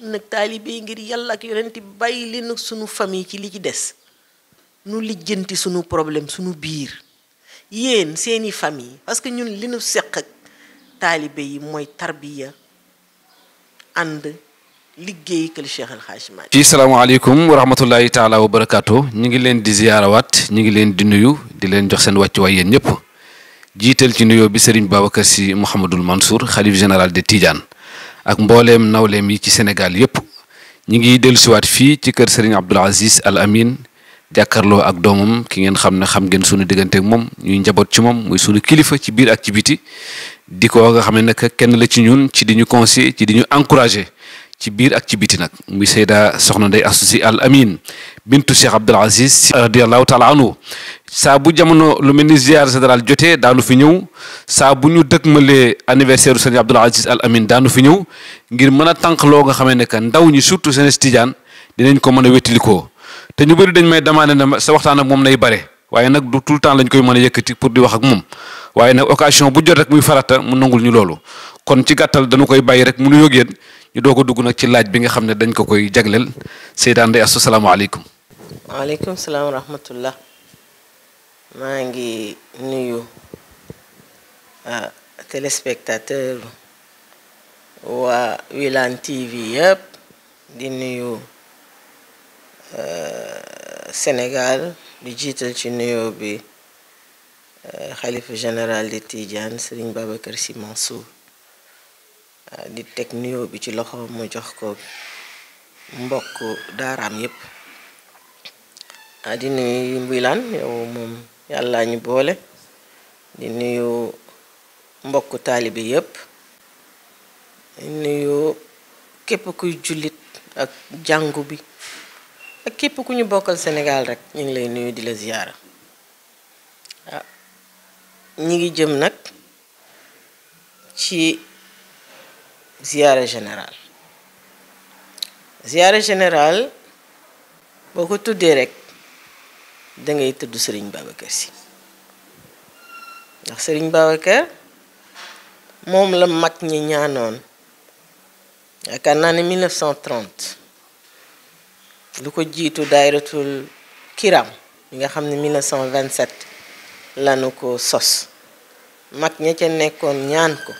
nag taalibe ngir yàlla ak yonent bàyyi leen ak sunu famille ci li ci des nu lijjanti sunu problème sunu biir yéen seeni famille parce que ñun li nu seq ak taalibe yi mooy tarbiya ànd liggéey kër Cheikh El Hadj Malick fii salaamaaleykum wa rahmatullahi taala wa barakaatu ñu ngi leen di ziyaarawaat ñu ngi leen di nuyu di leen jox seen wàccuwaay yéen ñëpp jiital ci nuyoo bi Serigne Babacar Sy Mouhamadul Mansour xalif général de Tidiane. ak mbooleem nawleem yi ci Sénégal yépp ñi ngi dellusiwaat fii ci kër Serigne Abdoul Aziz Al Amin jàkkarloo ak doomam ki ngeen xam ne xam ngeen sunu digganteek moom ñuy njaboot ci moom muy sunu kilifa ci biir ak ci biti di ko nga xam ne nag kenn la ci ñun ci di ñu conseiller ci di ñu encourager ci biir ak ci biti nag muy Seyda Soxna Ndey Astu Si Al Amin bintu Cheikh Abdoul Aziz radiyallahu taala anhu saa bu jamono lu mel ni ziar jotee daanu fi ñëw saa bu ñu dëgmalee anniversaire u sëriñ Abdoul Aziz Al Amin daanu fi ñëw ngir mën a tànk loo nga xamee ne que ndaw ñi surtout jeunesse tidiane dinañ ko mën a wéttilikoo te ñu bëri dañ may demandé na sa waxtaan ak moom nay bare waaye nag du tout le temps lañ koy mën a yëkkati pour di wax ak moom waaye nag occasion bu jot rek muy farata mu nangul ñu loolu kon ci gàttal dañu koy bàyyi rek mu nu ñu doo ko dugg nag ci laaj bi nga xam ne dañ ko koy jagleel Seyda Ndeye salaamaaleykum maa ngi nuyu ah, téléspectateur waa Wilane TV yëpp di nuyu ah, Sénégal di jiital ci nuyoo bi ah, xalifa général di Tidiane Serigne Babacar Sy Mansour di teg nuyoo bi ci loxo mu jox ko mbokk daaraam yëpp di nuyu Wilane yow moom yàlla ñu boole di nuyu mbokku taalibe yépp di nuyu képp kuy jullit ak jàngu bi ak képp ku ñu bokkal Sénégal rek ñu ngi lay nuyu di la ziyaara ah ñi ngi jëm nag ci ziyaara général ziyaara général boo ko tuddee rek dangay tëdd sëriñ Serigne Babacar Sy ndax Serigne Babacar moom la mag ñi ñaanoon yaakaar naa ni 1930 lu ko jiitu daayratul kiram yi nga xam ne 1927 lanu ko sos mag ña ca nekkoon ñaan ko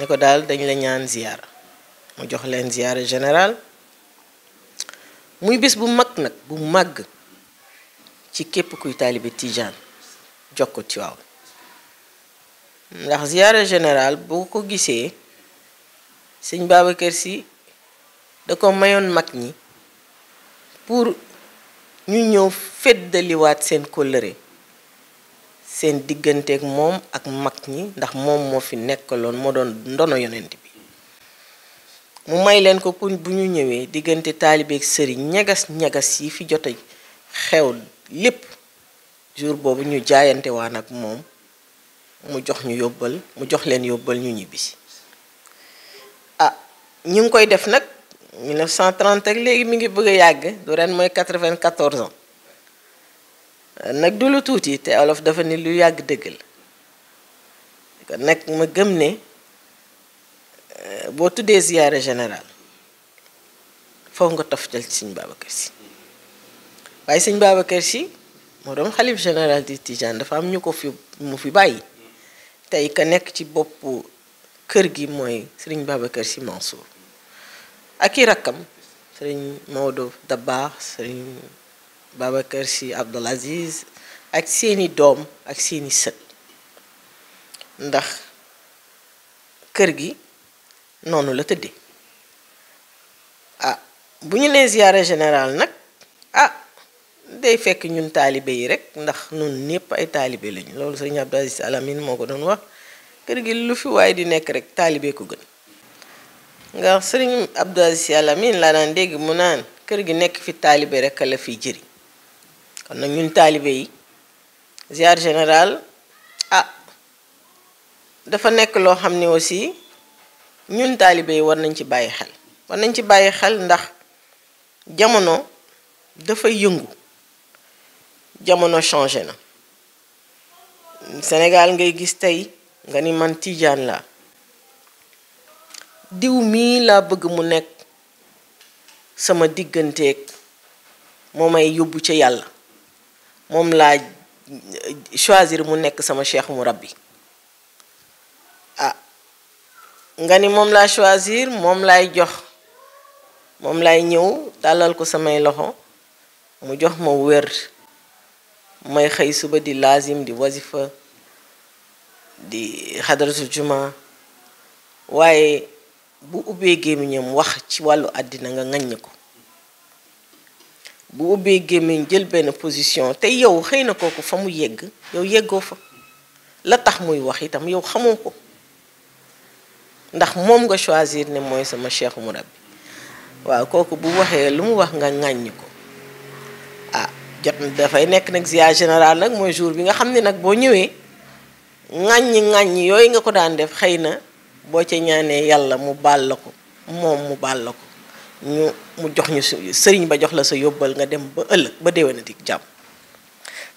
ne ko daal dañ la ñaan ziyaara mu jox leen ziyaara général muy bis bu mag nag bu màgg ci képp kuy taalibe tijaan jox ko Tiwaawan ndax ziyaara général boo ko gisee sëñ kër Sy da ko mayoon mag ñi pour ñu ñëw feddaliwaat seen kóllëre seen digganteeg moom ak mag ñi ndax moom moo fi nekkaloon moo doon ndono yonent bi mu may leen ko pour bu ñu ñëwee diggante taalibeek sëriñ ñagas ñagas yi fi jot a xew lépp jour boobu ñu jaayante waa nag moom mu jox ñu yóbbal mu jox leen yóbbal ñu ñibbisi ah ñu ngi koy def nag 1930 ak léegi mi ngi bëgg a yàgg du ren mooy 94 ans nag du lu tuuti te olof dafa ni lu yàgg dëgg la nag ma gëm ne eh, boo tuddee ziyaare général foofu nga toftal ci Sëñ Babacar Si waaye sëñ Babacar si moo doon xalif général di Tijaan dafa am ñu ko fi mu fi bàyyi tey ka nekk ci boppu kër gi mooy sëriñ Babacar Sy Mansour ak i rakkam sëriñ Maodo Dabaax sëriñ Babacar Sy Abdoul Aziz ak seeni doom ak seeni sët ndax kër gi noonu la tëddee ah bu ñu nee ziyaare général nag ah day fekk ñun taalibe yi rek ndax nun ñëpp ay taalibe lañu loolu sëñ Abdou Aziz Alamine moo ko doon wax kër gi lu fi waaye di nekk rek taalibe ko gën nga sëriñ Abdou Aziz Alamine laa daan dégg mu naan kër gi nekk fi taalibe rek la fiy jëriñ kon nag ñun taalibe yi ziar général ah dafa nekk loo xam ne aussi ñun taalibe yi war nañ ci bàyyi xel war nañ ci bàyyi xel ndax jamono dafa yëngu jamono changé na Sénégal ngay gis tey nga ni man tijaan laa diw mii laa bëgg mu nekk sama digganteek moo may yóbbu ca yàlla moom laa euh, choisir mu nekk sama cheikh mu rabbi ah nga ni moom laa choisir moom laay jox moom laay ñëw tàllal ko samay loxo mu jox ma wér may xëy suba di lazim di wazifa di xadaratul juma waaye bu ubbee gémmiñam wax ci wàllu àddina nga ŋaññ ko bu ubbee gémmiñ jël benn position te yow xëy na kooku fa mu yegg yow yeggoo fa la tax muy wax itam yow xamoo ko ndax moom nga choisir ne mooy sama cheikh murabbi waaw kooku bu waxee lu mu wax nga ŋàññ ko jot dafay nekk nag ziar général nag mooy jour bi nga xam ne nag boo ñëwee ŋàññi ŋàññi yooyu nga ko daan def xëy na boo ca ñaanee yàlla mu baal la ko moom mu baal la ko ñu mu jox ñu sëriñ ba jox la sa yóbbal nga dem ba ëllëg ba déwénati jàmm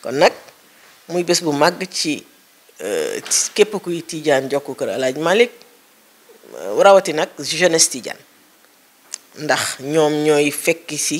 kon nag muy bés bu màgg ci euh, képp kuy tiijaan jokku kër alaaj Malick euh, rawati nag jeunesse tiijaan ndax ñoom ñooy fekki si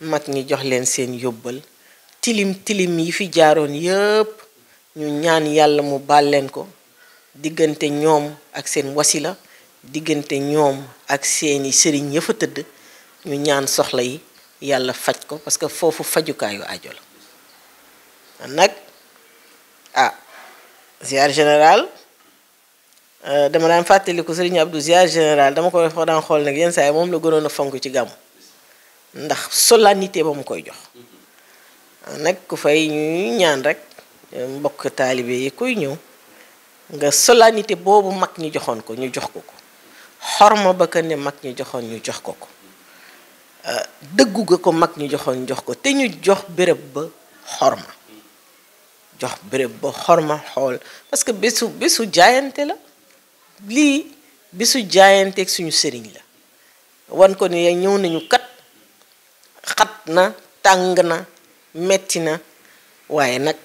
mag ñi jox leen seen yóbbal tilim tilim yi fi jaaroon yépp ñu ñaan yàlla mu baal leen ko diggante ñoom ak seen wasila diggante ñoom ak seeni sëriñ ya tëdd ñu ñaan soxla yi yàlla faj ko parce que foofu fajukaayu ajo la nag ah ziar général euh, dama daan fàttaliku sëriñ Abdou ziar général dama ko daan xool nag yenn saa yi moom la gënoon a fonk ci gàmmu ndax solennité ba mu koy jox nag ku fay ñu ñaan rek mbokk taalibe yi kuy ñëw nga solennité boobu mag ñi joxoon ko ñu jox ko ko xorma ba ka ne mag ñi joxoon ñu jox ko ko euh, dëggu ga ko mag ñi joxoon jox ko te ñu jox béréb ba xorma jox béréb ba xorma xool parce que bésu bésu jaayante la lii bésu jaayanteeg suñu sëriñ la wan ko ne ñëw nañu xat na tàng na metti na waaye nag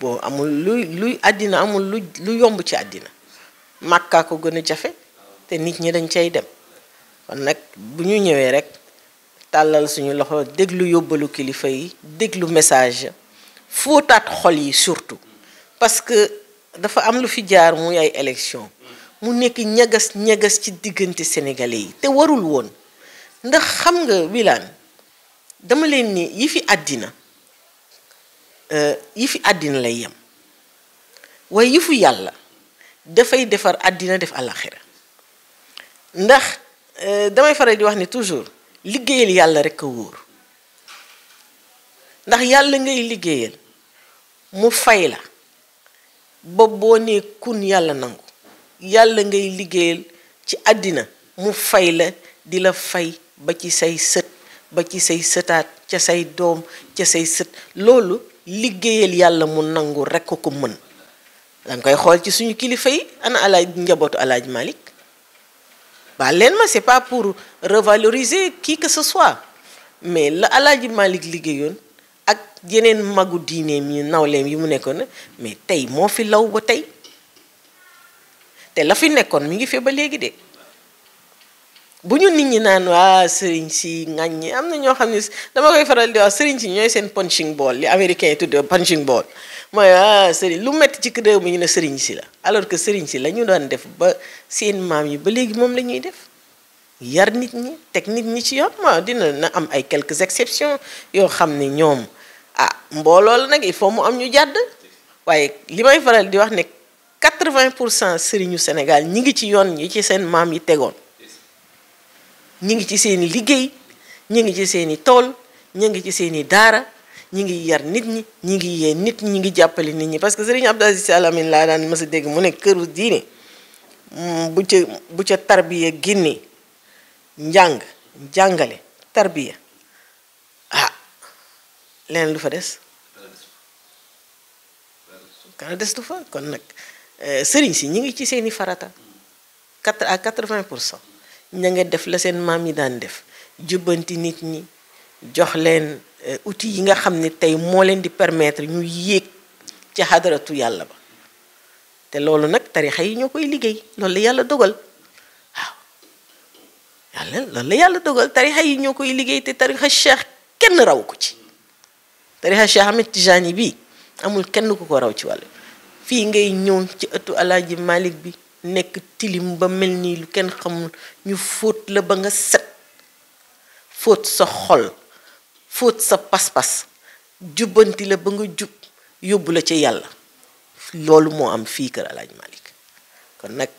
boo amul luy àddina amul lu yomb ci àddina màkkaa ko gën a jafe te nit ñi dañ cay dem kon nag bu ñu ñëwee rek tàllal suñu loxo déglu yóbbalu kilifa yi déglu message fóotaat xol yi surtout parce que dafa am lu fi jaar muy ay élection mu nekk ñagas ñagas ci diggante sénégalais yi te warul woon ndax xam nga Wilane dama leen ni yi fi àddina euh, yi fi àddina lay yem waaye yëfu yàlla dafay defar àddina def àllaaxira ndax euh, damay faral di wax ni toujours liggéeyal yàlla rekk a wóor ndax yàlla ngay liggéeyal mu fay la ba boo nee kun yàlla nangu yàlla ngay liggéeyal ci àddina mu fay la di la fay ba ci say sët ba ci say sëtaat ca say doom ca say sët loolu liggéeyal yàlla mu nangu rekk ko ko mën danga koy xool ci suñu kilifa yi ana alaaj njabootu alaaj malik waa leen ma c'est pas pour revaloriser kii que ce soit mais la alaaji Malick liggéeyoon ak yeneen magu diineem yi nawleem yi mu nekkoon mais tey moo fi law ba tey te la fi nekkoon mi ngi fi ba léegi de bu ñu nit ñi naan waa sëriñ si ñi am na ñoo xam ne dama koy faral di wax sëriñ si ñooy seen punching ball li américain yi tuddee punching ball mooy waa ah, sëriñ lu metti ci réew mi ñu ne sëriñ si la alors que sëriñ si la ñu doon def ba seen maam yi ba léegi moom la ñuy def yar nit ñi teg nit ñi ci yoon waaw dina na am ay quelques exceptions yoo xam ne ñoom ah mbooloo la nag il faut mu am ñu jàdd waaye li may faral di wax ne vingt pour cent sëriñu Sénégal ñi ngi ci yoon ñi ci seen maam yi tegoon ñu ngi ci seeni liggéey ñu ngi ci seeni tool ñu ngi ci seeni daara ñu ngi yar nit ñi ñu ngi yee nit ñi ñu ngi jàppale nit ñi parce que Serigne Abdou Aziz Sy Al Amine laa daan mës dégg mu ne këru diine mm, bu ca bu ca tarbiya génne njàng njàngale tarbiya ah leneen lu fa des kana des du fa kon nag eh, sëriñ si ñu ngi ci seeni farata quatre à quatre-vingt pour cent ña nga def la seen maam yi daan def jubbanti nit ñi jox leen eh, uti yi nga xam ne tey moo leen di permettre ñu yéeg ci xadaratu yàlla ba te loolu nag tarixa yi ñoo koy liggéey lool la yàlla dogal waaw yàlla loolu la yàlla dogal tarixa yi ñoo koy liggéey te tarixa cheikh kenn raw ko ci tarixa cheikh Ahmed bi amul kenn ku ko raw ci wàll fii ngay ñëw ci ëttu alaaji Malik bi nekk tilim ba mel nii lu kenn xamul ñu fóot la ba nga set fóot sa xol fóot sa pas-pas jubbanti la ba nga jub yóbbu la ca yàlla loolu moo am fii kër alaaj Malick kon nag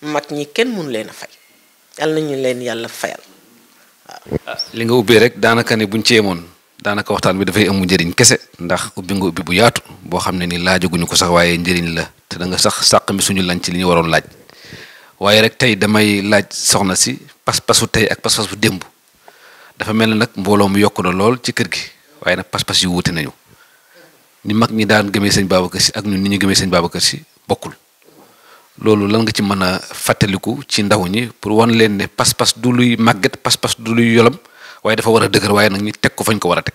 mag ñi kenn mënu leen a fay yàlla ñu leen yàlla fayal waaw. Ah, li nga ubbee rek daanaka ne buñ ci yemoon danaka waxtaan bi fay amu njëriñ kesse ndax ubbi ngo ubbi bu yaatu bo xamne ni laaju guñu ko sax waye njëriñ la te da nga sax sax mi suñu lanc li ñu waroon laaj waye rek tay damay laaj soxna si pas passu tay ak pas passu bu démb dafa mel nak mbolo mu yokku na lool ci kër gi waye nak pas pass yu wuute nañu ni mag ni daan gëmee sëñ Babacar ci ak ñun ni ñu gëmee sëñ Babacar ci bokul lolou lan nga ci mëna fatéliku ci ndaw ñi pour wan leen ne pas-pas du luy magget pas-pas du luy yolam waaye dafa war a dëgër waaye nag ñu teg ko fañ ko war a teg.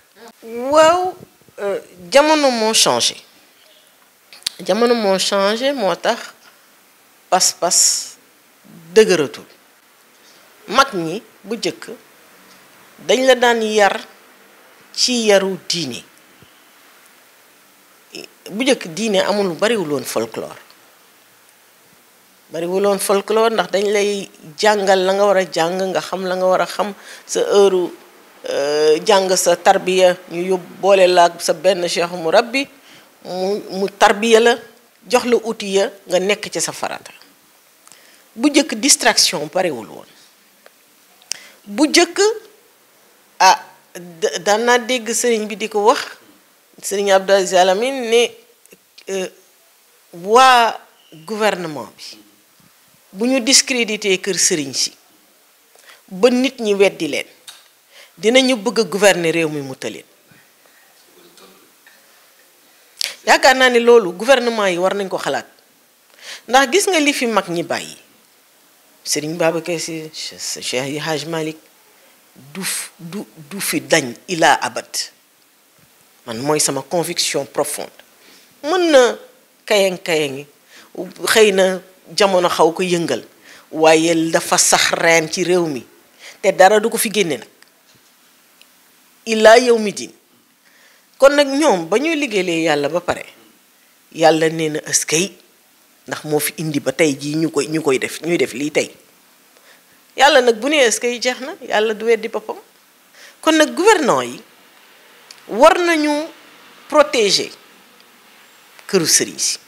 waaw euh, jamono moo changé jamono moo changé moo tax pas-pas dëgëratul mag ñi bu jëkk dañ la daan yar ci yaru diine bu jëkk diine amul bariwul woon folklore. bariwuloon folklore ndax dañ lay jàngal la nga war a jàng nga xam la nga war a xam sa heure euh, jàng sa tarbiya ñu yóbbu boole la sa benn cheikh mu rabbi mu mu tarbiya la jox la outil ya nga nekk ci sa farata bu jëkk distraction bariwul woon bu jëkk ah daan naa dégg sëriñ bi di ko wax sëriñ Abdou Aziz Alamine ne euh, waa gouvernement bi bu ñu discrédité kër sëriñ si ba nit ñi weddi leen dinañu bëgg a réew mi mu tëleen yaakaar naa ne loolu gouvernement yi war nañ ko xalaat ndax gis nga li fi mag ñi bàyyi sëriñ Babacar Si Cheikh Haj Malick du du du fi dañ ilaa abat man mooy sama conviction profonde mën na kayang kayangi xëy na jamono xaw ko yëngal waaye dafa sax reen ci réew mi te dara du ko fi génne nag illaa yow mi din kon nag ñoom ba ñuy liggéeylee yàlla ba pare yàlla nee na askay ndax moo fi indi ba tey jii koy ñu koy def ñuy def lii tey yàlla nag bu nee askay jeex na yàlla du weddi boppam kon nag gouvernement yi war nañu protéger këru sëriñ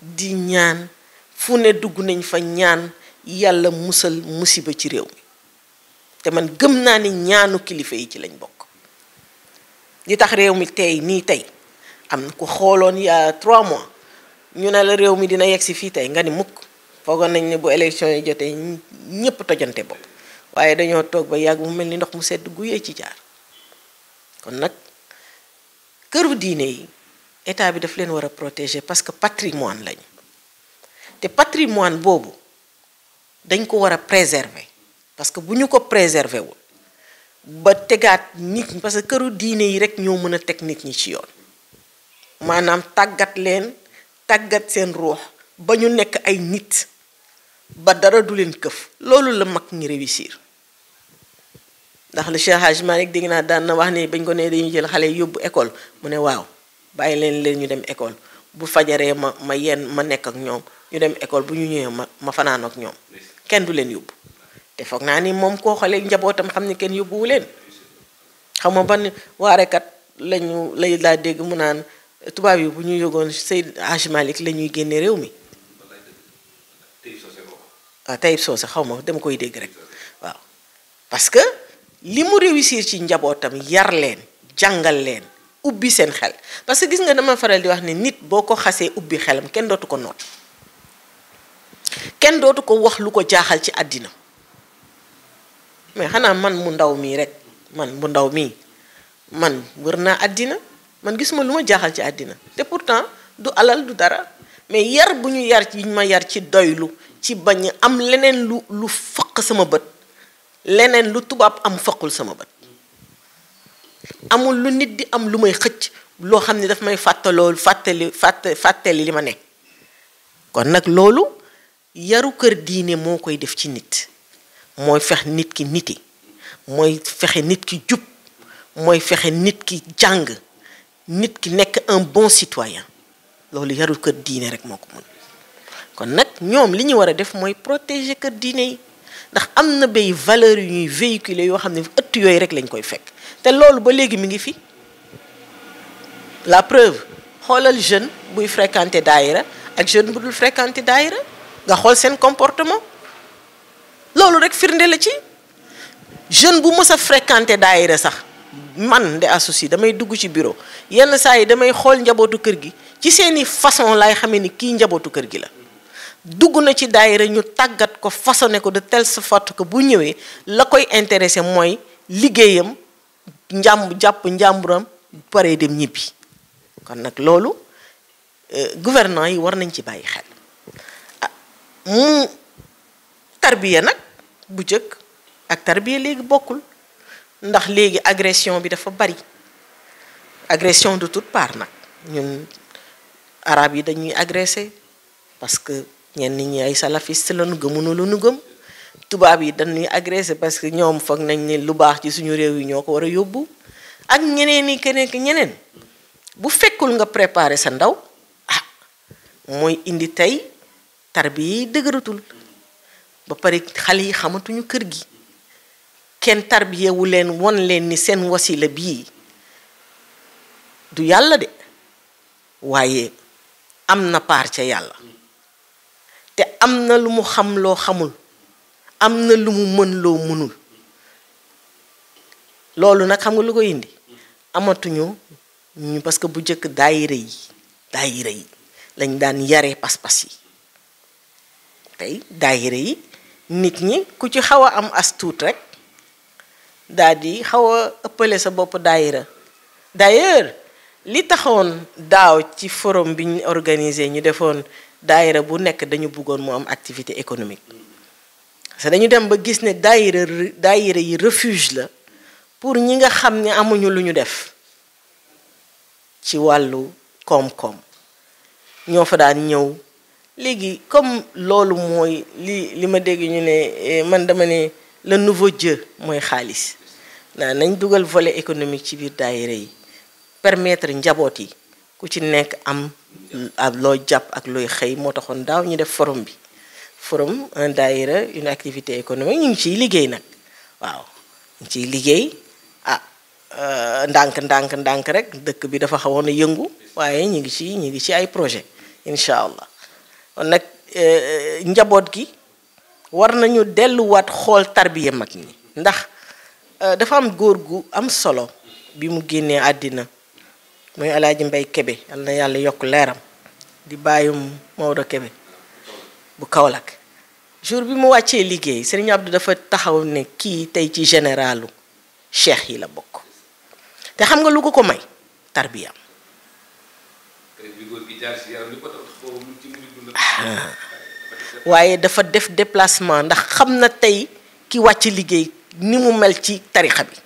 di ñaan fu ne dugg nañ fa ñaan yàlla musal musiba ci réew mi te man gëm naa ni ñaanu kilifa yi ci lañ bokk li tax réew mi tey nii tey am na ko xooloon yaa trois mois ñu ne la réew mi dina yegg si fii tey nga ni mukk foogoon nañ ne bu élection yi jotee ñépp tojante bopp waaye dañoo toog ba yàgg mu mel ni ndox mu sedd guyee ci jaar kon nag këru diine yi état bi daf leen war a protéger parce que patrimoine lañu te patrimoine boobu dañ ko war a préserver parce que bu ñu ko préserver wul ba tegaat nit ñi parce que këru diine yi rek ñoo mën a teg nit ñi ci yoon maanaam tàggat leen tàggat seen ruux ba ñu nekk ay nit ba dara du leen këf loolu la mag ñi réussir ndax le Cheikh Hadj Malick dégg naa daan na wax ne bañ ko nee dañuy jël xale yóbbu école mu ne waaw bàyyi leen leen ñu dem école bu fajaree ma ma yenn ma nekk ak ñoom ñu dem école bu ñu ñëwee ma ma fanaan ak ñoom kenn du leen yóbbu te foog naa ni moom koo xale njabootam xam ni kenn yóbbuwu leen xam nga ban waarekat lañu lay laa dégg mu naan tubaab yi bu ñu yëgoon Seydi Hadji Malick la ñuy génne réew mi waaw ah, Taïb Socé xaw ma dama koy dégg rek waaw parce que li mu réussir ci njabootam yar leen jàngal leen Ubi sen xel parce que gis nga dama faral di wax ni nit boko xasse ubi ubbi xelam ken dotu ko note ken dotu ko wax lu ko jaaxal ci adina mais xana man mu ndaw mi rek man mu ndaw mi man wërna adina man gis ma luma jaaxal ci adina te pourtant du alal du dara mais yar buñu yar ci ma yar ci doylu ci bañ am lenen lu lu faq sama bët leneen lu tubab am faqul sama bët amul lu nit di am lu may xëcc loo xam ne daf may fàttaloo fàttali fàtt fàttali li ma ne kon nag loolu yaru kër diine moo koy def ci nit mooy fex nit ki niti mooy fexe nit ki jub mooy fexe nit ki jàng nit ki nekk un bon citoyen loolu yaru kër diine rek moo ko mun kon nag ñoom li ñu war a def mooy protéger kër diine yi ndax am na bay valeur yu ñuy véhiculer yoo xam ne ëtt yooyu rek lañ koy fekk te loolu ba léegi mi ngi fi la preuve xoolal jeune buy fréquenter daayira ak jeune bu dul fréquenter daayira nga xool seen comportement loolu rek firnde la ci jeune bu mësa a fréquenter sax man nde associé damay dugg ci bureau yenn saa yi damay xool njabootu kër gi ci seeni façon lay xamee ni kii njabootu kër gi la dugg na ci daayira ñu tàggat ko façonné ko de telle sorte ko bu ñëwee la koy intéressé mooy liggéeyam njàmb jàpp njàmburam paree dem ñibbi kon nag loolu euh, gouvernant yi war nañ ci bàyyi xel ah mu tarbiya nag bu jëkk ak tarbiya léegi bokkul ndax léegi agression bi dafa bari agression de toute part nag ñun arab yi dañuy agressé parce que ñenn ñi ay salafiste lañu la lu nu gëm tubaab yi dañuy agressé parce que ñoom foog nañ ne lu baax ci suñu réew yi ñoo ko war a yóbbu ak ñeneen ñi nekk ñeneen bu fekkul nga préparé sa ndaw ah mooy indi tey tarbiya yi dëgëratul ba pare xale yi xamatuñu kër gi kenn tarbiyewu leen won leen ni seen wasila bii du yàlla de waaye am na paar ca yàlla te am na lu mu xam loo xamul am na lu mu mën loo mënul loolu nag xam nga lu ko indi amatuñu ñu parce que bu njëkk daayira yi daayira yi lañ daan yare pas-pas yi tey daayira yi nit ñi ku ci xaw a am as rek daal di xaw a ëppale sa bopp daayira d'ailleurs li taxoon daaw ci forom bi ñu organisé ñu defoon daayira bu nekk dañu buggoon mu am activité économique parce dañu dem ba gis ne daayira daayira yi refuge la pour ñi nga xam ne amuñu lu ñu def ci wàllu koom-koom ñoo fa daan ñëw léegi comme loolu mooy li li ma dégg ñu ne eh, man dama ne le nouveau Dieu mooy xaalis naa nañ dugal volet économique ci biir daayira yi permettre njaboot yi ku ci nekk am loo jàpp ak looy xëy moo taxoon daaw ñu def forom bi forum un eh, daïra une activité économique ñu ci liggéey nak waaw ñu ci liggéey ah eh, ndànk ndànk ndànk rek dëkk bi dafa xawoon yëngu waaye ñu ngi ci ñu ngi ci ay projet inshallah on nak nag eh, njaboot gi war nañu wat xol tarbiyé mak ñi ndax dafa am goor gu am solo bi mu génné adina moy alaaji mbay kebe yàlla yalla yok leeram di bayum mawdo kebe bu kaw Kaolack jour bi mu wàccee liggéey Serigne Abdou dafa taxaw ne kii tey ci généralu cheikh yi la bokk te xam nga lu ko ko may tarbiyaam ah. waaye dafa def déplacement ndax xam na tey ki wàcc liggéey ni mu mel ci tarixa bi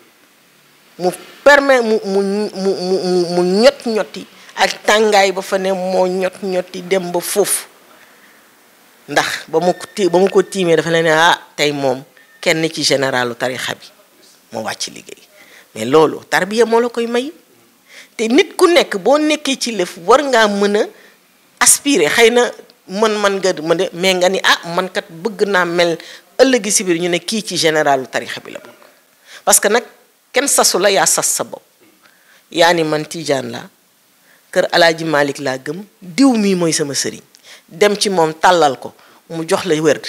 mu permet mu mu mu mu mu ñot ñoti ak tàngaay ba fa ne moo ñot ñoti dem ba foofu ndax ba mu ti ba ko tiimee dafa leen ah tey moom kenn ci généralu tarixa bi moo wàcc liggéey mais loolu tarbiya moo la koy may te nit ku nekk boo nekkee ci lëf war ngaa mën a aspirer xëy na man man nga mën de nga ni ah man kat bëgg naa mel ëllëgi si biir ñu ne kii ci généralu tarixa bi la bokk parce que nag kenn sasu la yaa sas sa bopp yaa ni man Tijaan la kër Alaaji Malik laa gëm diw mii mooy sama sëriñ dem ci moom tàllal ko mu jox la wérd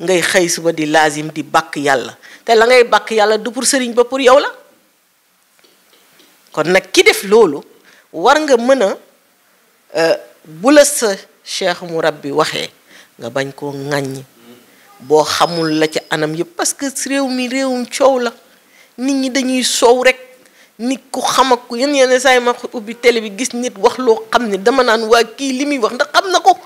ngay xëy suba di laazim di bàkk yàlla te la ngay bàkk yàlla du pour sëriñ ba pour yow la kon nag ki def loolu war nga mën a euh, bu la sa cheikh mu rabbi waxee nga bañ koo ŋàññ boo xamul la ci anam yëpp parce que réew mi réewum coow la nit ñi dañuy soow rek nit ku xam ak ku yenn yenn saa yi ma ubbi télé bi gis nit wax loo xam ne dama naan waa kii li muy wax ndax xam na ko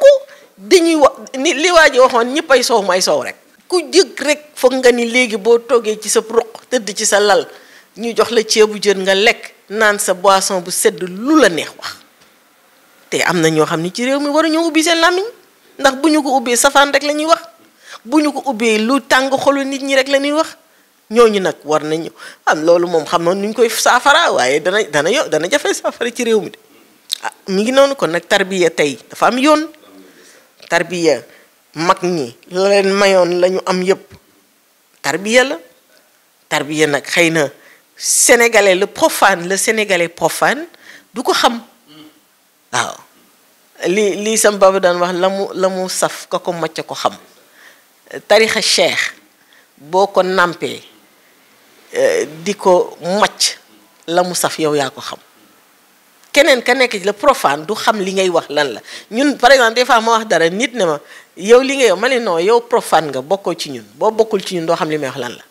ku diñuy ni li waji waxon waxoon ñëppay soow may soow rek ku jëg rek foog nga ni legi bo toge ci sa ruq tëdd ci sa lal ñu jox la ciébu jeun nga lek naan sa boisson bu sedd lu la neex wax te amna ño xamni ci réew mi ñu ubbi sen lamiñ ndax buñu ko ubbee safan rek lañuy wax buñu ko lu tang xolu nit ñi rek lañuy wax ñooñu nak war nañu am loolu mom xam na nuñ koy safara waye dana dana yo dana jafe safara ci réew mi ah mi ngi nonu kon nak tarbiya tay dafa am yoon tarbiya mag ñi la leen mayoon lañu am yépp tarbiya la tarbiya nag xëy na sénégalais le profane le sénégalais profane du ko xam waaw li lii sam baba daan wax la mu la mu saf ka ko macc ko xam tarixa cheikh boo ko nàmpee eh, di ko macc la mu saf yow yaa ko xam keneen ka nekk ci le profane du xam li ngay wax lan la ñun par exemple des fois ma wax dara nit ne ma yow li ngay wax ma ne non yow profane nga bokkoo ci ñun boo bokkul ci ñun doo xam li may wax lan la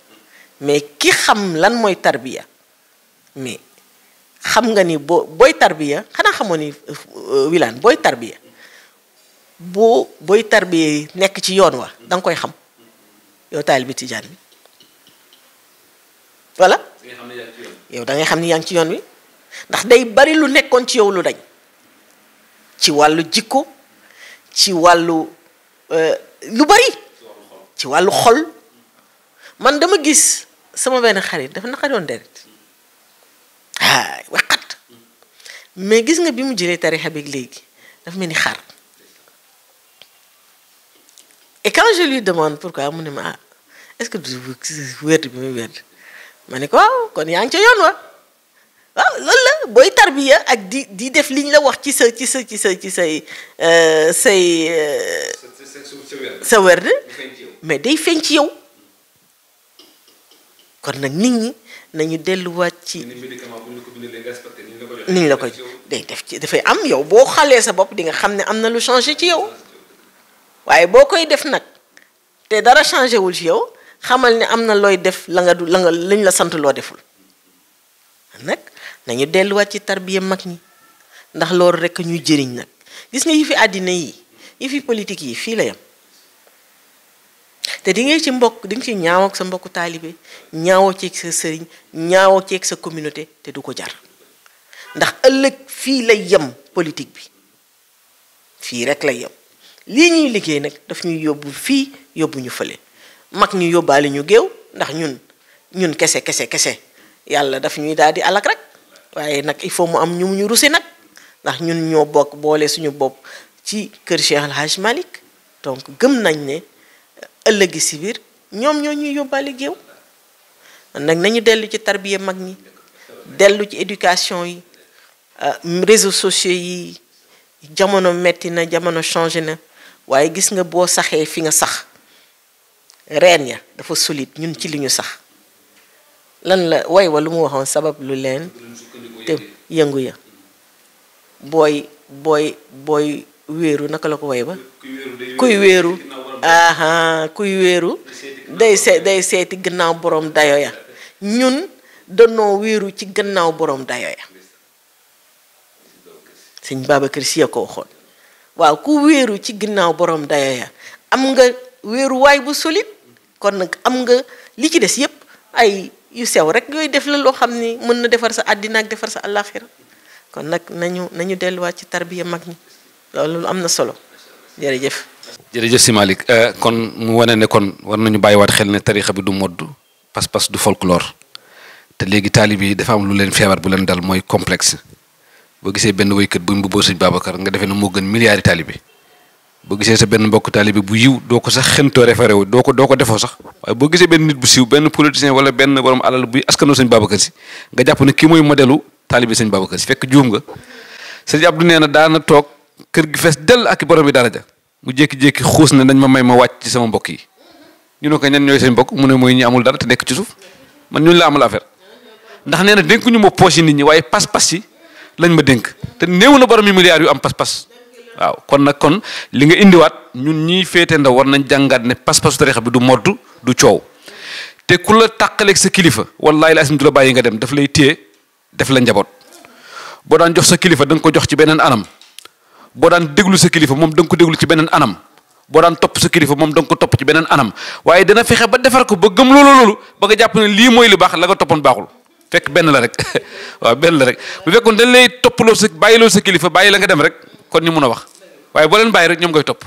mais ki xam lan mooy tarbiya mais xam nga ni boo booy tarbiya xanaa xamoo ni euh, Wilane booy tarbiya boo booy tarbiya nekk ci yoon wa danga koy xam yow taal bi tijaan bi voilà yow da ngay xam ni yaa ngi ci yoon wi ndax day bari lu nekkoon ci yow lu dañ ci wàllu jikko ci wàllu euh, lu bari ci wàllu xol man dama gis sama benn xarit dafa naqaroon deret ah waxat mais gis nga bi mu jëlee tarixa bi léegi daf mel ni xar et quand je lui demande pourquoi mu ne ma ah est-ce que du bi muy wér ma ne ko waaw kon yaa ngi ca yoon wa waaw booy tarbiya ak di di def liñ la wax ci sa ci sa ci sa ci say euh, say euh, sa werd mais day feeñ ci yow kon nag nit ñi nañu delluwaat ci niñ la ko day def ci dafay am yow boo xalee sa bopp di nga xam ne am na lu changé ci yow waaye boo koy def nag te dara changé wul ci yow xamal ne am na looy def la nga du langa nga lañ la sant loo deful nag nañu delluwaat ci tarbiya mag ñi ndax loolu rekk ñuy jëriñ nag gis nga yi fi àddina yi yi fi politique yi fii la yam te dinga ci mbokk di ci ñaawak ak sa mbokku taalibe ñaawoo ceeg sa sëriñ ñaawoo ceeg sa communauté te du ko jar ndax ëllëg fii lay yem politique bi fii rek la yem lii ñuy liggéey nag daf ñuy yóbbu fii yóbbu ñu fële mag ñu yóbbaale ñu géew ndax ñun ñun kese kese kese yàlla daf ñuy daal di alak rek waaye nag il faut mu am ñu mu ñu rusi nag ndax ñun ñoo bokk boole suñu bopp ci kër Cheikh Al Hadj Malick donc gëm nañ ne ëllëgi si biir ñoom ñoo ñuy yóbbaale géew nag nañu dellu ci tarbiya mag ñi dellu ci éducation yi euh, réseau sociaux yi jamono metti na jamono changé na waaye gis nga boo saxee fi nga sax reen ya dafa solide ñun ci li ñu sax lan la woy wa lu mu waxoon sabab lu leen te yëngu ya booy booy booy wéeru naka la ko woy ba kuy wéeru kuy wéeru day see day seeti gannaaw borom dayo ya ñun danoo wéeru ci gannaaw borom dayo ya sëñ Babacar Sy ko waxoon waaw ku wéeru ci gannaaw borom dayo ya am nga wéeruwaay bu solide kon am nga li ci des yépp ay yu sew rek yooyu def la loo xam ni mën na defar sa àddina ak defar sa àllaaxira kon nag nañu nañu delluwaat ci tarbiya mag ñi loolu am na solo jërëjëf. jërëjëf si malik euh, kon mu wane ne kon war nañu bàyyiwaat xel ne tarixa bi du modd pas-pas du folklore te léegi taalib yi dafa am lu leen feebar bu leen dal mooy complexe boo gisee benn woykat bu mu boo sëñ Babacar nga defe ne moo gën milliards yi taalib boo gisee sa benn mbokk taalibe bu yiw doo ko sax xentoo référé doo ko defoo sax waaye boo gisee benn nit bu siiw benn politicien wala benn borom alal buy askanoo sëñ Babacar nga jàpp ne kii mooy modelu taalibe sëñ Babacar fekk juum nga sëñ Abdou nee na daana toog kër gi fees dell ak borom bi daraja mu jékki-jékki xuus ne nañ ma may ma wàcc ci sama mbokk yi ñu ne ko ñan ñooy seen mbokk mu ne mooy ñi amul dara te nekk ci suuf man ñun la amul waaw kon nag kon li nga indiwaat ñun ñiy féete ndaw war nañ jàngaat ne pas-pasu tarixa bi du modd du coow te ku la tàqaleeg sa kilifa wallahi la asim du la bàyyi nga dem daf lay téye def la njaboot boo daan jox sa kilifa da ko jox ci beneen anam boo daan déglu sa kilifa moom da ko déglu ci beneen anam boo daan topp sa kilifa moom da ko topp ci beneen anam waaye dana fexe ba defar ko ba gëm loolu loolu ba nga jàpp ne lii mooy li baax la nga toppoon baaxul fekk benn la rek waaw benn la rek bu fekkoon dañ lay toppaloo sa bàyyiloo sa kilifa bàyyi nga dem rek kon ñu mun a wax waaye boo leen bàyyi rek ñoom ngay topp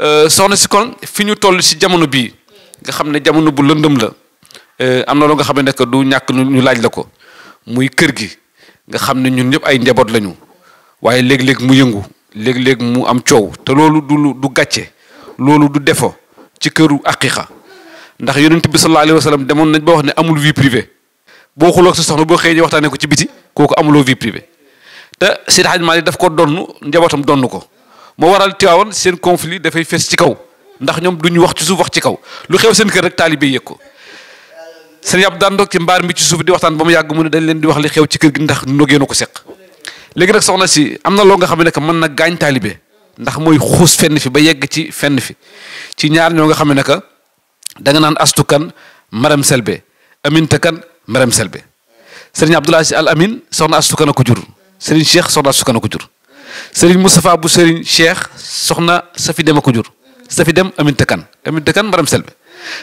euh, soxna si kon fi ñu toll si jamono bii nga xam ne jamono bu lëndëm la euh, am na loo nga xam ne du ñàkk ñu laaj la ko muy kër gi nga xam ne ñun ñëpp ay njaboot lañu waaye léeg-léeg mu yëngu léeg-léeg mu am coow te loolu du du gàcce loolu du defo ci këru aqiqa ndax yonent bi sallallahu alayhi wa sallam demoon nañ ba wax ne amul vie privée boo xuloo ak sa soxna boo xëyee waxtaanee ko ci biti kooku amuloo vie privée te Seydi Hadji Malick daf ko donn njabootam donn ko moo waral Tiwaawan seen conflit dafay fees ci kaw ndax ñoom duñu wax ci suuf wax ci kaw lu xew seen kër rek taalibe yëg ko seen yàpp daan doog ci mbaar mi ci suuf di waxtaan ba mu yàgg mu ne dañ leen di wax li xew ci kër gi ndax nogee na ko seq léegi nag soxna si am na loo nga xam ne que mën na gaañ taalibe ndax mooy xuus fenn fi ba yegg ci fenn fi ci ñaar ñoo nga xam ne que da nga naan astu kan maram selbe aminta kan maram selbe sëriñ Abdoulaye si al amin soxna astu kan ko jur سرين شيخ صورة سكان كجور سرين مصطفى أبو سرين شيخ سخنا سفي دم كجور سفي دم أمين تكان أمين تكان برام سلبي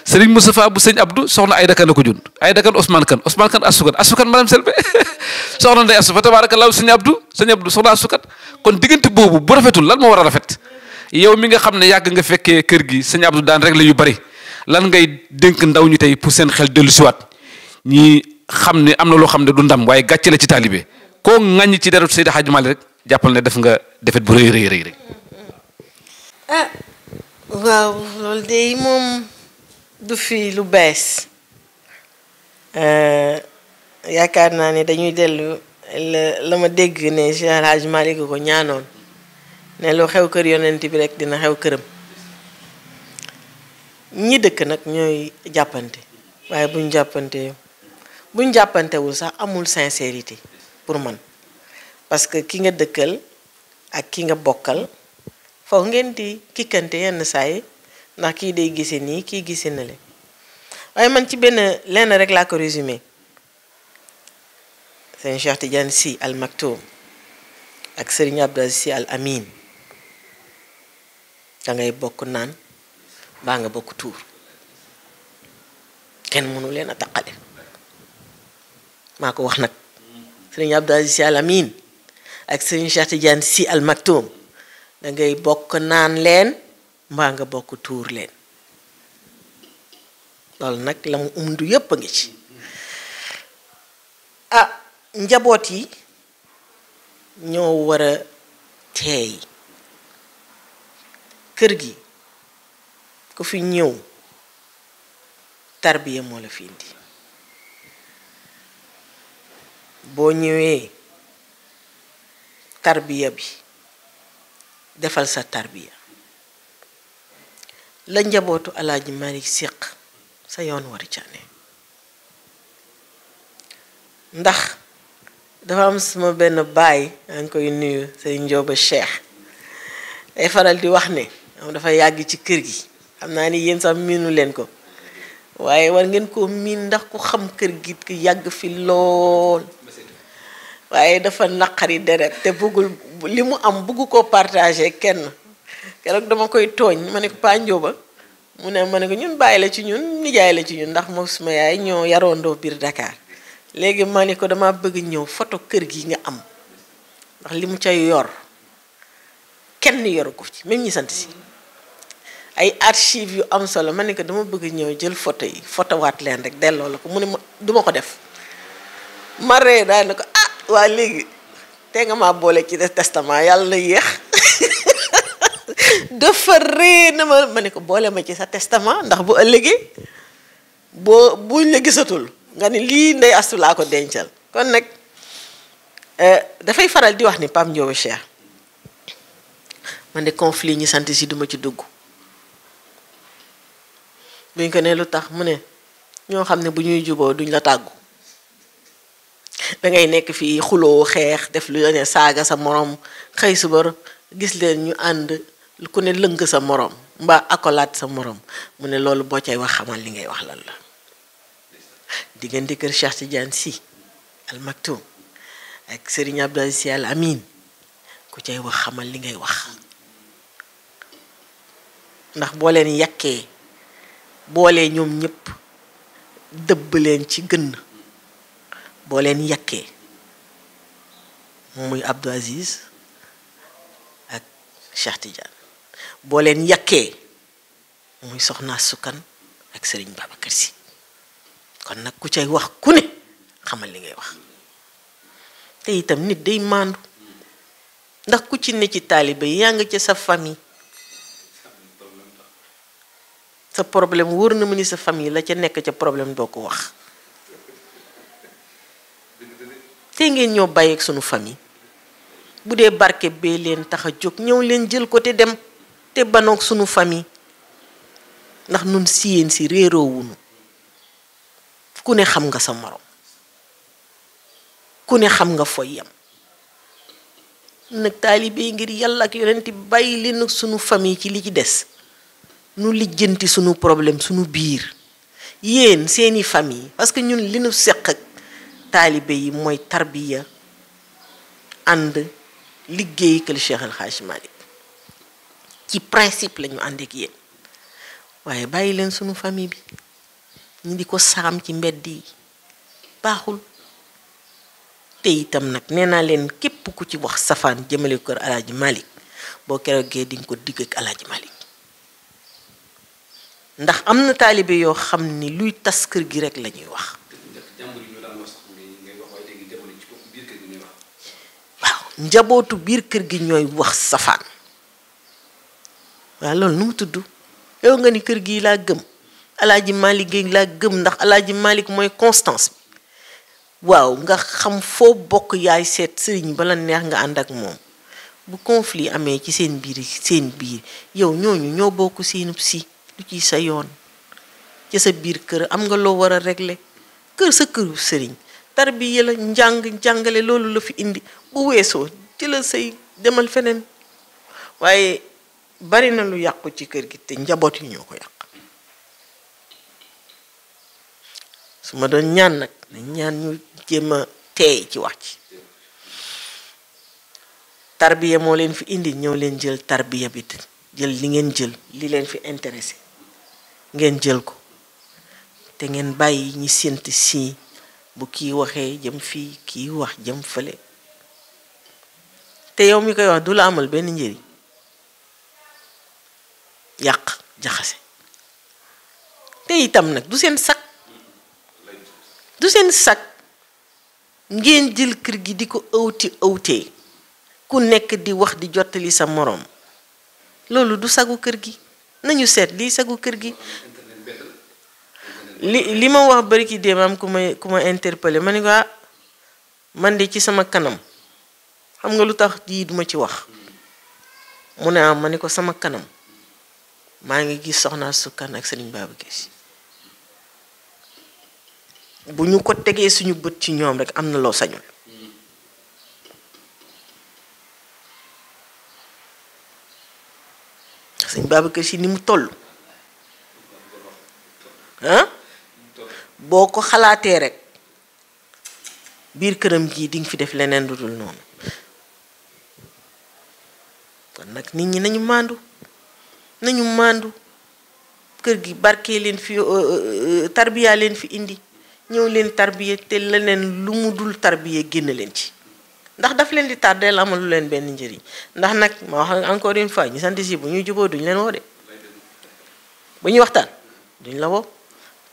سرين مصطفى أبو سرين عبدو سخنا أيدا كان كجور أيدا كان أسمان كان أسمان كان أسكان أسكان برام سلبي سخنا ده أسفة تبارك الله سرين عبدو سرين عبدو سخنا أسكان كن دين تبوه برفت الله المورا رفت يوم مينغا خمنا يا كنغا فك كرجي سرين عبدو دان رجل يبري لان غاي دينك داو نيتاي بوسين خل دلسوات ني خمنا أملا لو خمنا دندم واي غاتي لا تتعلبه koo ŋàññi ci deru Seydi Hadji Malick rek jàppal na def nga defet bu rëy rëy rëy. Ah, waaw loolu de moom du fi lu bees euh, yaakaar naa ne dañuy dellu la la ma dégg ne Seydi Hadji Malick ko ñaanoon ne lu xew kër yonent bi rek dina xew këram ñi dëkk nag ñooy jàppante waaye buñ jàppante buñ jàppantewul sax amul sincérité. pour man parce que ki nga dekkal ak ki nga bokkal foog ngeen di kikante yenn say ndax ki day gisee ni ki gisee na le waaye man ci ben lenn rek la ko résumé sëñ Cheikh Tidiane si Al Maktoum ak serigne Abdou si Al Amin da ngay bokk nan ba nga bokk tour ken munu len takale mako wax nak serigne abdou aziz alamin amin ak serigne cheikh tidiane si al maktoum da ngay bok naan len mbaa nga bokk tuur leen loolu nak la mu umdu yépp a ci ah njaboot yi ñoo war a teey kër gi ku fi ñëw tarbiya moo la fi indi boo ñëwee tarbiya bi defal sa tarbiya la njabootu alaaji Malick séq sa yoon war wari caane ndax dafa am sama benn baay yaa ngi koy nuyu say njóoba cheikh day faral di wax ne am dafa yàgg ci kër gi xam naa ni yéen sax miinu leen ko waaye war ngeen ko miin ndax ku xam kër gi ku yàgg fi lool waaye dafa naqari deret te bëggul li mu am bëgg koo partagé kenn keroog dama koy tooñ ma ne ko Pa Njóoba mu ne ma ne ko ñun bàyyi la ci ñun nijaay la ci ñun ndax moom suma yaay ñoo yaroondoo biir Dakar léegi ma ne ko dama bëgg ñëw photo kër gi nga am ndax li mu cay yor kenn yoru ci même ñi sant si ay archive yu am solo ma ne ko dama bëgg ñëw jël photo yi photo waat leen rek delloo la ko mu ne ma duma ko def ma ree daal ne ko wa léegi te nga ma bolé ci testament yalla na yéex dafa na ma mané ko bolé ma ci sa testament ndax bu ëllegi bo bu ñu gisatul nga kan ni li ndey astu la ko dencal kon eh, da fay faral di wax ni Pam Ndiobo Cheikh mané conflit ñi sant ci duma ci dugg buñ ko ne lutax tax mu ne ne bu ñuy juboo duñ la taggu da ngay nekk fii xuloo xeex def lu yone ya saaga sa morom xëy subar gis leen ñu ànd ku ne lëng sa morom mba akolaat sa morom mu ne loolu boo cay wax xamal li ngay wax lan la diggante kër Cheikh Tidiane si Al Maktoum ak Serigne Abdou sial amin ku cay wax xamal li ngay wax ndax boo leen yàkkee ñoom ñëpp dëbb leen ci boo leen yàkkee muy abdou aziz eh, ak cheikh tidiane boo leen yàkkee muy soxna sukkan ak sëriñ babacar si kon nag ku cay wax ku ne xamal li ngay wax te itam nit day mandu ndax ku ci ne ci taaliba yaa nga ci sa famille sa problème wóor na ma ni sa famille la ca nekk ca problème doo ko wax tey ngeen ñoo bàyyeeg sunu famille bu dee barke bee leen tax a jóg ñëw leen jël ko te dem te banoog sunu famille ndax nun siyeen si réeroowunu ku ne xam nga sa moroom ku ne xam nga fooy yam nag taalibe yi ngir yàlla ak yonenti bàyyi leen sunu famille ci li ci des nu lijjanti sunu problème sunu biir yéen seeni famille parce ñun li nu seq ak taalibe yi mooy tarbiya ànd liggéey kël Cheikh El Hadj ci principe la ñu ànd waaye bàyyi leen sunu famille bi ñu di ko saam ci mbedd yi baaxul te itam nag nee naa leen képp ku ci wax safaan jëmale kër alaaji Malick boo keroogee di nga ko digg ak alaaji Malick ndax am na taalibe yoo xam ni luy tas kër gi rekk lañuy wax njabootu biir kër gi ñooy wax safaan waaw loolu nu mu tudd yow nga ni kër gi laa gëm alaaji Malick gi laa gëm ndax alaaji Malick mooy constance bi waaw nga xam foo bokk yaay seet sëriñ bala neex nga ànd ak moom bu conflit amee ci seen biir seen biir yow ñooñu ñoo bokk seenub si lu ciy sa yoon ci sa biir kër am nga loo war a régler kër sa këru sëriñ tarbiya la njàng njàngale loolu la fi indi bu weesoo jëlal say demal feneen waaye bari na lu yàqu ci kër gi te njaboot yu ñoo ko yàq su ma doon ñaan nag na ñaan ñu jéem a teey ci wax ci tarbiya moo leen fi indi ñëw leen jël tarbiya bi jël li ngeen jël li leen fi intéressé ngeen jël ko te ngeen bàyyi ñi sént sii bu kii waxee jëm fii kii wax jëm fale te yow mi koy wax du la amal benn njëriñ yàq jaxase te itam nag du seen sakk du seen sakk ngeen jël kër gi di ko ëwti ëwtee ku nekk di wax di jottali sa moroom loolu du sagu kër gi nañu seet lii sagu kër gi li li wax bari ki demam kuma kuma interpeller mané ko ah, man di ci sama kanam xam nga lutax di duma ci wax mune am ah, mané ko sama kanam ma ngi gis soxna sukkan ak serigne Babacar Sy bu ñu ko tege suñu bëtt ci ñoom rek amna lo sañu sañul babu Babacar ni mu toll ah boo ko xalaatee rek biir këram gii di fi def leneen lu dul noonu kon nag nit ñi nañu màndu nañu màndu kër gi barkee leen fi euh, euh, euh, tarbiya leen fi indi ñëw leen tarbiya te leneen lu mu dul tarbiya génn leen ci ndax daf leen di tardeel amul lu leen benn njëriñ ndax nag ma wax encore une fois ñu sant si bu ñuy juboo duñ leen woo de bu ñuy waxtaan duñ la woo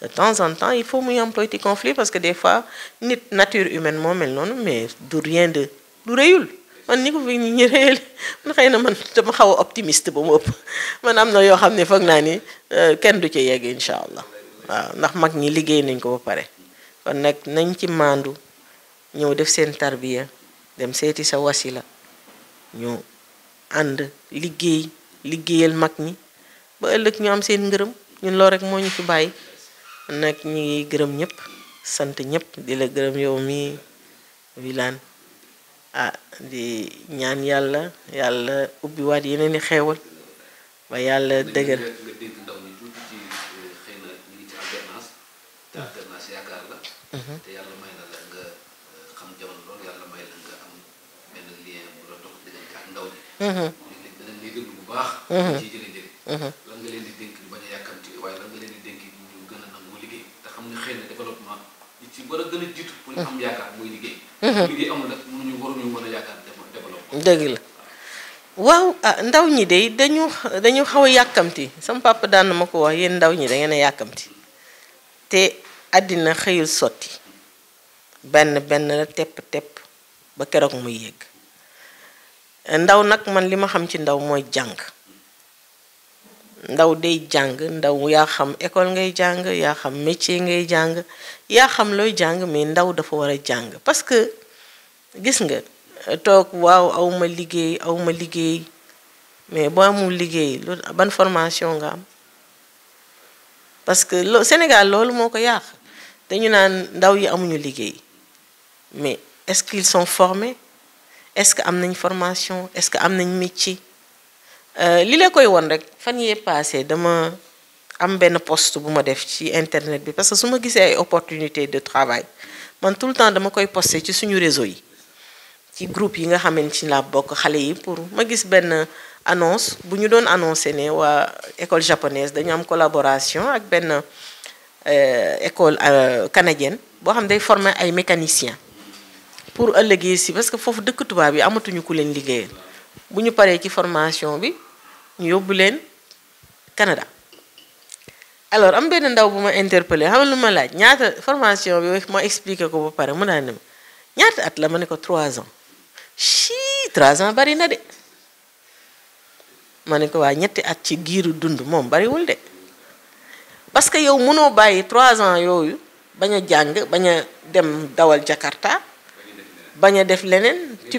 de temps en temps il faut mieux employer conflit parce que des fois nit nature humaine moo mais non, mais du rien de du rien man ni ko fi man optimiste ba mu man am na yoo xam ne foog naa ni euh, kenn du ci yegg incha allah waaw ndax mag ñi liggéey nañ ba pare kon nag nañ ci mandu ñëw def seen tarbiya dem seeti sa wasila ñu ànd liggéey liggéeyal mag ñi ba ëllëg ñu am seen ngërëm ñun rek ñu fi nag ñi ngi gërëm ñëpp sant ñëpp di la gërëm yow mi Wilane ah di ñaan yàlla yàlla ubbi waat yeneen i xeewal ba yàlla dëgër nga xëy dëgg la waaw ah ndaw ñi de dañu dañu xaw a yàkkamti sama papa daan na ma ko wax yéen ndaw ñi dangeen a yàkkamti te àddina xëyul sotti benn benn la tepp tepp ba keroog mu yéeg ndaw nag man li ma xam ci ndaw mooy jàng ndaw day jàng ndaw yaa xam école ngay jàng yaa xam métier ngay jàng yaa xam looy jàng mais ndaw dafa war a jàng parce que gis nga toog waaw awma liggéey awma liggéey mais boo amul liggéey formation nga am parce que loo Sénégal loolu moo ko yàq dañu naan ndaw yi amuñu liggéey mais est-ce qu'ils sont formés est-ce que am nañ formation est-ce que am nañ métier Euh, li la koy won rek fan yee passé dama am ben poste buma def ci internet bi parce que suma ma ay opportunité de travail man tout le temps dama koy poster ci suñu réseau yi ci groupe yi nga xamante ci laa bokk yi pour ma gis ben annonce buñu don annoncer né wa école japonaise dañu am collaboration ak euh, école euh, canadienne bo xam day former ay mécaniciens pour ëllëgee ci parce que fofu dëkk tuba bi amatuñu ku leen liggéeyal bu ñu paree ci formation bi ñu yóbbu leen Canada alors am benn ndaw bu ma interpellé xam lu ma laaj ñaata formation bi ma expliqué ko ba pare mu naa ne ma at la ma ne ko 3 ans chii 3 ans bari na de ma ne ko waa ñetti at ci giiru dund moom bariwul de parce que yow mënoo bàyyi trois ans yooyu bañ a jàng bañ a dem dawal Jakarta bañ a def leneen ci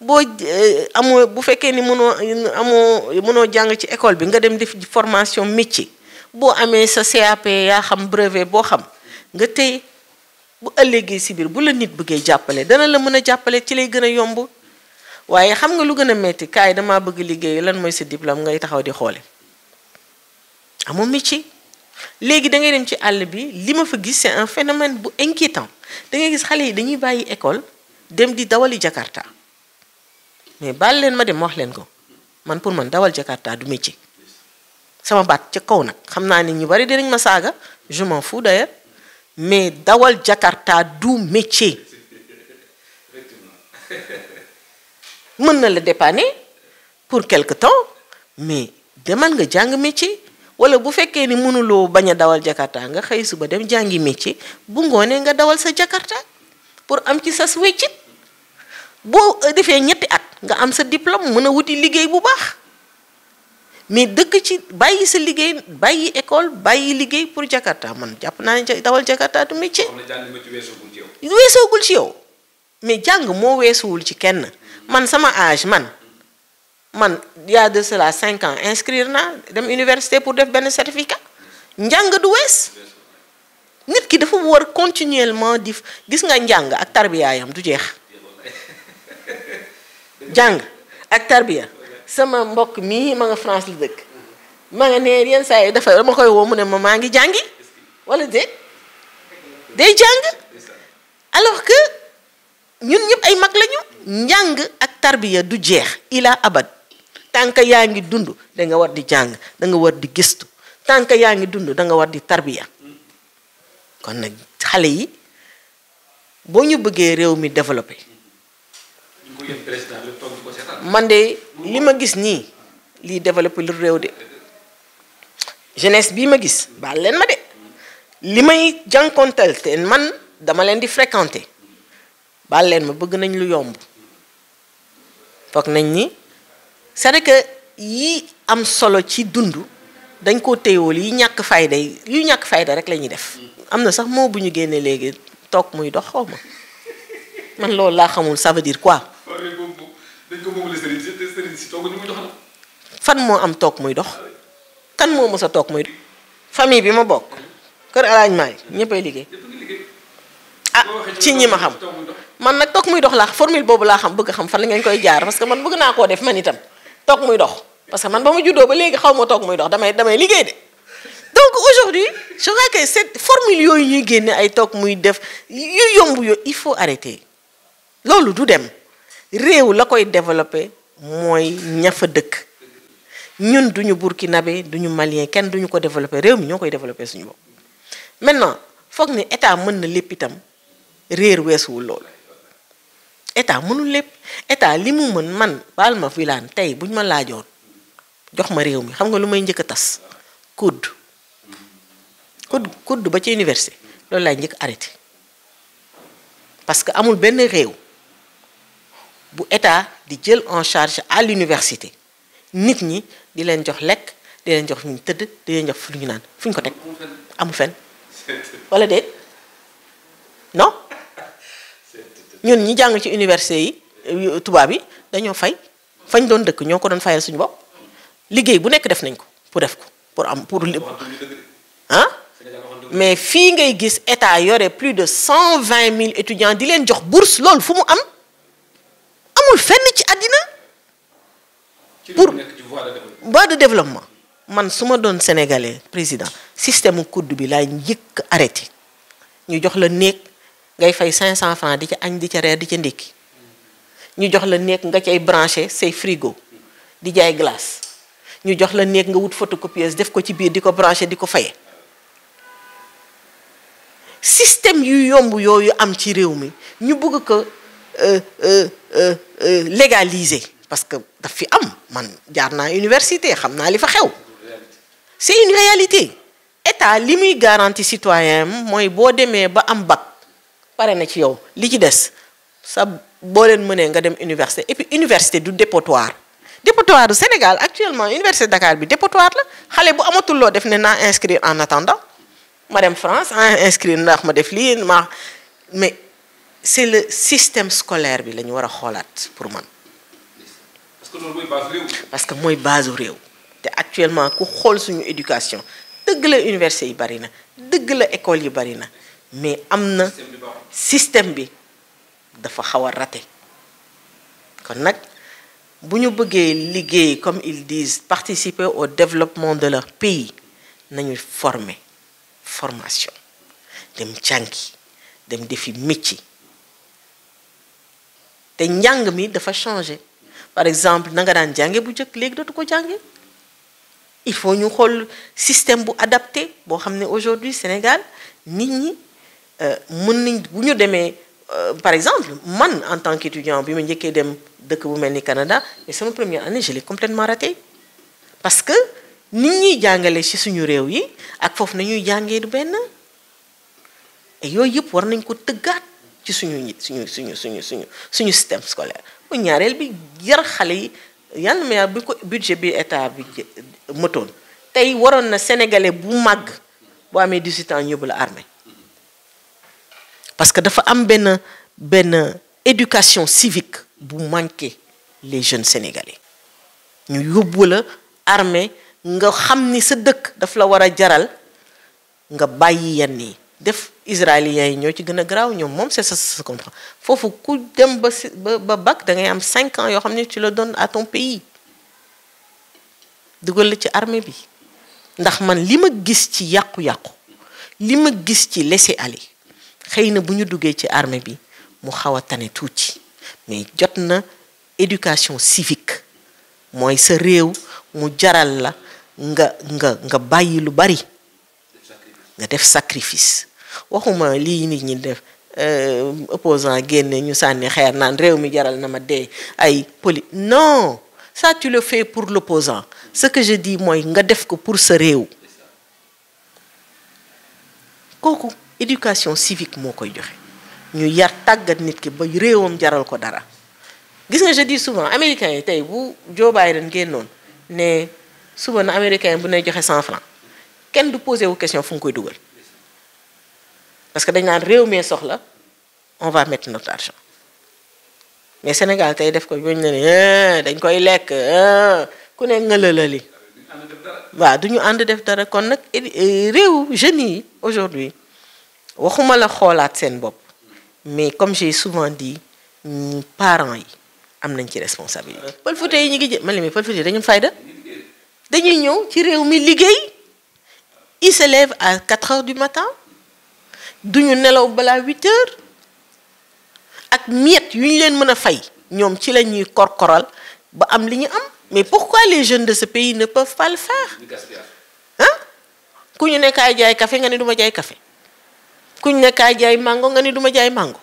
boo eh, amoo bu fekkee ni mënoo amoo mënoo jàng ci école bi nga dem def formation métier boo amee sa CAP yaa xam brevet boo xam nga tey bu ëllëgee si biir bu la nit bëggee jàppale dana la mën a jàppale ci lay gën a yomb waaye xam nga lu gën a metti kaay damaa bëgg liggéey lan mooy sa diplôme ngay taxaw di xoole amoo métier léegi da ngay dem ci àll bi li ma fa gis c'est un phénomène bu inquiétant da ngay gis xale yi dañuy bàyyi école dem di dawali Jakarta mais bal leen ma dem wax leen ko man pour man dawal jakarta du métier sama baat ca kaw nag xam naa ni ñu bari dinañ ma saaga je m'en fous d'ailleurs mais dawal jakarta du métier mën na la dépanner pour quelque temps mais demal nga jàng métier wala bu fekkee ni mënuloo bañ a dawal jakarta nga xëy suba dem jàngi métier bu ngoonee nga dawal sa jakarta pour am ci sas weccit boo defee ñetti at nga am sa diplôme mën a wuti liggéey bu baax mais dëkk ci bàyyi sa liggéey bàyyi école bàyyi liggéey pour Jakarta man jàpp naa dawal Jakarta du métier. weesoogul ci yow. mais jàng moo weesuwul ci kenn man sama age man man y a de cela cinq ans inscrire naa dem université pour def benn certificat njàng du wees nit ki dafa war continuellement di gis nga njàng ak tarbiyaayam du jeex. Jang, ak tarbiya sama mbok mi ma nga France la dëkk ma nga ne yeen say yi dafa ma koy wo mu ne ma ma ngi jangi wala de de jang alors que ñun ñep ay mag lañu jang ak tarbiya du jeex ila abad tanka yaangi dundu da nga war di jang da nga war di gestu. tanka yaangi dundu da nga war di tarbiya kon nak xalé yi bo ñu réew mi man de li ma gis nii lii développe lu réew de jenes bii ma gis baal leen ma de li may jànkonteel te man dama leen di fréquenter baal leen ma bëgg nañ lu yomb foog nañ ni cest à que yi am solo ci dund dañ ko téyewool yi ñàkk fayda yi yu ñàkk fayda rek la ñuy def am na sax moo bu ñu génnee léegi toog muy dox xaw ma man loolu laa xamul ça veut quoi dañ ko moomale sëriñ si te sëriñ si tooguñu dox fan mo am tok muy dox. kan mo mës tok toog muy famille bi ma bok keur arrangement yi ñeppay liggéey. ah ci ñi ma xam. man nak tok muy dox la formule bobu la xam bëgg xam fan la ngeen koy jaar parce que man bëgg na ko def man itam tok muy dox. parce que man ba ma juddoo ba légui xawmo tok toog muy dox damay damay liggéey de donc aujourd'hui je crois que cette formule yoy ñi génne ay tok muy def yu yomb yo il faut arrêter lolu du dem. réew la koy développé mooy ña fa dëkk ñun duñu burkinabé duñu malien kenn duñu ko développé réew mi ñoo koy développé suñu bopp maintenant foog ni état mën na lépp itam réer weesuwul loolu état mënul lépp état li mu mën man baal ma filaan tey buñ ma laajoon jox ma réew mi xam nga lu may njëkk a tas kudd kudd kudd ba ci université loolu laay njëkk arrêté parce que amul benn réew bu état di jël en charge à l'université nit ñi di leen jox lek di leen jox ñu tëdd di leen jox fu ñu naan fuñ ko teg amu fen wala déet non ñun ñi jàng ci université yi tubaab bi dañoo fay fañ doon dëkk ñoo ko doon fayal suñu bopp liggéey bu nekk def nañ ko pour def ko pour am pour ah mais fii ngay gis état yore plus de cent vingt mille étudiants di leen jox bourse loolu fu mu am amul fenn ci adina pour bois de développement man suma doon sénégalais président système kudd bi laay njëkk arrêté ñu jox la néeg ngay fay 500 francs di ca añ di ca reer di ca ndékki ñu jox la néeg nga cay branché say frigo di jaay glace ñu jox la néeg nga wut photocopieuse def ko ci biir di ko branché di ko faye système yu yomb yooyu am ci réew mi ñu bëgg euh, euh, euh euh, légaliser parce que a. am man jarna université xamna xew c'est une réalité état limuy garantie citoyen moy bo démé ba am bac pare na ci yow li ci dess sa bo len nga dem université et puis université du dépotoir dépotoir du Sénégal actuellement université Dakar bi dépotoir la xalé bu amatul lo def né na inscrire en attendant Madame France ah, inscrire ndax ma mais c'est le système scolaire bi la wara xolat pour man. parce que loolu mooy base rew parce que mooy base une actuellement ku xol suñu éducation deug la université yi bari na dëgg école yi bari na mais am système bi dafa xawa raté kon nak buñu bëggé liggéey comme ils disent participer au développement de leur pays nañu former formation dem chanki dem defi métier te njang mi dafa changé par exemple na nga daan jangé bu njëkk légui dootu ko il faut ñu xol système bu adapté bo xamné aujourd'hui Sénégal nit ñi euh, mën nañ bu ñu démé euh, par exemple man en tant qu'étudiant bi ma njëkkee dem dëkk bu melni Canada mais sama première année je l'ai complètement raté parce que nit ñi jàngale ci suñu réew yi ak fofu nañu jàngee du ben et yooyu yëpp war nañ ko tëggaat ci suñu ñi suñu suñu suñu suñu suñu système scolaire bu ñaareel bi yar xalé yi yàlla na bu ko budget bi état bi mëtoon tay waron na sénégalais bu mag bo amé 18 ans yóbbu armée parce que dafa am benn benn éducation civique bu manqué les jeunes sénégalais ñu yóbbu armée nga xamni ni sa dëkk daf la wara jaral nga bàyyi yenn def. israéliens yi ñoo ci gën a garaaw ñoom moom sa ça se comprend foofu ku dem ba si ba ba bac am 5 ans yoo xam ne tu la doon à ton dugal la ci armée bi ndax man li ma gis ci yàqu-yàqu li ma gis ci laisser aller xëy na bu ñu duggee ci armée bi mu xaw a tane tuuti mais jot na éducation civique mooy sa réew mu jaral la nga nga nga bàyyi lu bari nga def sacrifice waxuma li nit ñi def euh, opposant ñu sanni xéer naan réew mi jaral na ma dé ay non ça tu le fais pour l'opposant ce que je dis moy nga def pour ce réew éducation civique mo koy joxe ñu yar nit ki ba réewam jaral ko dara je dis souvent américains Joe Biden génnoon ne souvent américain bu né francs kenn du poser wu question fu koy dougal parce que dañ naan réew mee soxla on va mettre notre argent mais Sénégal tey def ko ñooñu ne ni hein, dañ koy lekk hein, ku ne ngëlalali waaw du ñu def dara kon nak eh, eh, rew jeunes yi aujourd'hui waxuma la xoolaat sen bop mais comme j'ai souvent dit parents yi am nañ ci responsabilité pël Fuuta yi ñu ngi jë mali mi pël dañu fayda dañuy ñëw ci rew mi liggéey il se lève à 4 h du matin duñu nelaw bala 8h ak miette yuñ leen mëna fay ñom ci lañuy korkoral ba am liñu am mais pourquoi les jeunes de ce pays ne peuvent pas le faire ah ku ñu ne kaay jaay café nga ne duma jaay café ku ñu ne kaay jaay mango nga ne duma jaay mango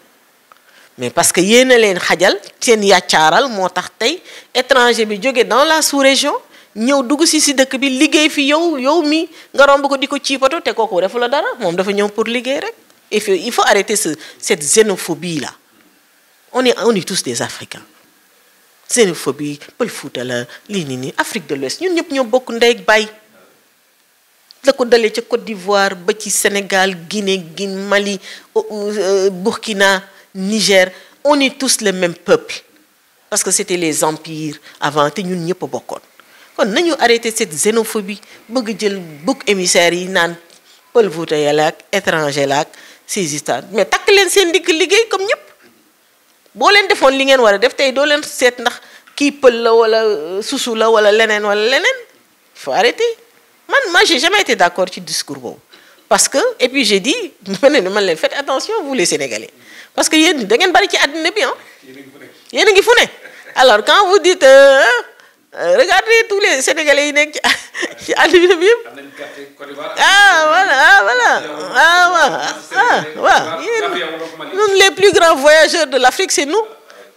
mais parce que yéen leen xajal seen yàccaaral moo tax tey étranger bi jóge dans la sous-région ñëw dugg si si dëkk bi liggéey fi yow yow mi nga romb ko di ko ciipato te kooku defu la dara moom dafa ñëw pour liggéey rek il faut arrêter cette xénophobie-là. On est, on est tous des Africains. Xénophobie, Paul Foutala, Linini, Afrique de l'Ouest. Nous sommes beaucoup de gens la Côte d'Ivoire ba Sénégal Guinée Guinée Mali euh, Burkina Niger on est tous le même peuple parce que c'était les empires avant ne sommes pas beaucoup. Donc, nous nañu arrêté cette xénophobie bëgg jël beaucoup émissaire yi naan pël là saisis ça. mais takk leen seen digg liggéey comme ñëpp boo leen defoon li ngeen war a def tey doo leen seet ndax kii pël la wala euh, susu la wala leneen wala il faut arrêter man moi j'ai jamais été d'accord tu discours parce que et puis j'ai dit ma ne man leen faites attention vous les sénégalais parce que yéen da ngeen bari ci àddina bien. ah yéen a ngi fu ne alors quand vous dites euh, hein, euh, regardez tous les sénégalais qui nekk ci ah voilà ah voilà ah voilà, ah, les plus grands voyageurs de l'Afrique c'est nous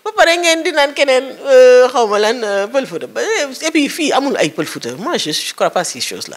ba pare ngeen di naan keneen euh, xaw Ah, lan euh, pël Fouta et puis ay moi je ne crois pas à ces choses là.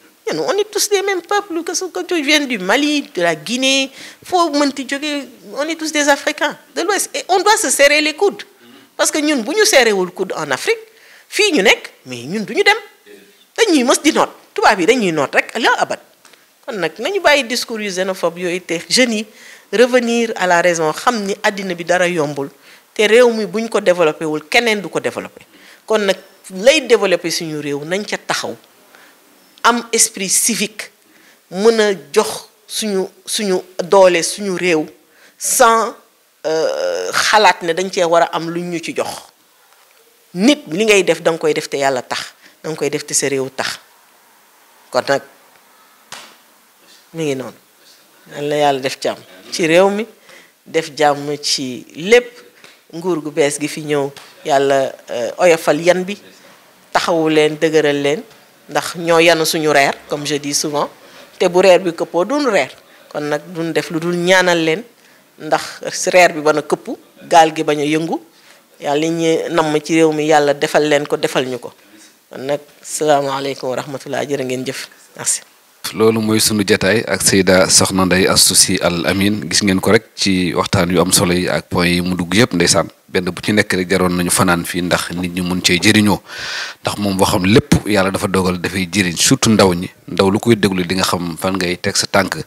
You know, on est tous des mêmes peuples, que, que tu viennes du Mali, de la Guinée, faut on est tous des Africains de l'Ouest. Et on doit se serrer les coudes. Parce que nous, si nous serrons les coude en Afrique, fi ñu nek mais ñun duñu ñu dem dañuy mës di note tuba bi dañuy note rek la abat kon nak nañu bàyyi discours yu xénophobe yooyu te jeunes revenir à la raison xam ni àddina bi dara yombul té réew mi buñ ko développer wul keneen du ko développer, kon nak lay développé suñu réew nañ ca taxaw am esprit civique mën a jox suñu suñu doole suñu réew sans euh, xalaat ne dañ cee war a am lu ñu ci jox nit li ngay def danga koy def te yàlla tax da nga koy def te sa réew tax kon nag mu ngi noonu lan la yàlla def jàmm ci réew mi def jàmm ci lépp nguur gu bees gi fi ñëw yàlla euh, oyofal yan bi taxawu leen dëgëral leen ndax ñoo yanu suñu reer comme je souvent te bu reer bi këppoo duñu reer kon nag duñ def lu dul ñaanal leen ndax reer bi ba na këpp gaal gi bañ a yëngu yàlla li nam namm ci réew mi yàlla defal leen ko defal ñu ko kon nag salaamaaleykum wa rahmatulah jërë ngeen jëf loolu mooy sunu jataay ak Seyda Soxna Ndeye Astou Sy Al Amine gis ngeen ko rek ci waxtaan yu am solo yi ak point yi mu dugg yëpp ndeysaan. benn bu ci nekk rek jaroon nañu fanaan fii ndax nit ñi mun cee jëriñoo ndax moom waxam lépp yàlla dafa dogal dafay jëriñ surtout ndaw ñi ndaw lu koy déglu dinga xam fan ngay teg sa tànk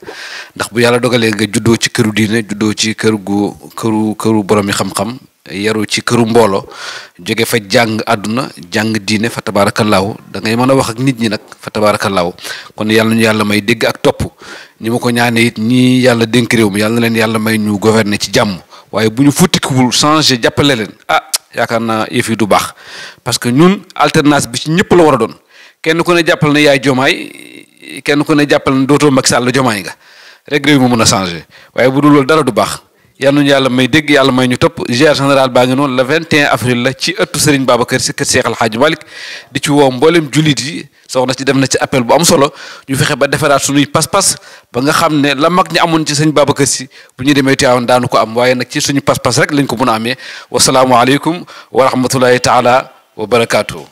ndax bu yàlla dogalee nga juddoo ci këru diine juddoo ci kër gu këru këru borom yi xam-xam yaru ci këru mbooloo jóge fa jàng àdduna jàng diine fa tabaarakallaahu da ngay mën a wax ak nit ñi nag fa tabaarakallaahu kon yàlla ñu yàlla may dégg ak topp ñu ma ko ñaane it ñi yàlla dénk réew mi yàlla leen yàlla may ñu gouverner ci jàmm waaye bu ñu futtiku futtikiwul changer jàppale leen ah yaakaar na yëf yi du baax parce que ñun alternance bi ci ñëpp la war a doon kenn ku ne jàppale na yaay jomaay kenn ku ne jàppale ne dootoo Macky Sall jomaay nga rek réew mi mën a changer waaye bu dul loolu dara du baax. yalla ñu yàlla may dégg yàlla may ñu top gère général ba nga non le 21 avril la ci eutu Serigne Babacar ci keur Cheikh El Hadj Malick di ci wo mboolem julit yi soxna ci dem na ci appel bu am solo ñu fexe ba défarat suñu pass pass ba nga xamné la mag ñi amoon ci serigne Babacar ci bu ñu demee Tiwaawan daanu ko am waye nak ci sunu pass pass rek lañ ko mëna amé wa salamu alaykum wa rahmatullahi taala wa barakatuh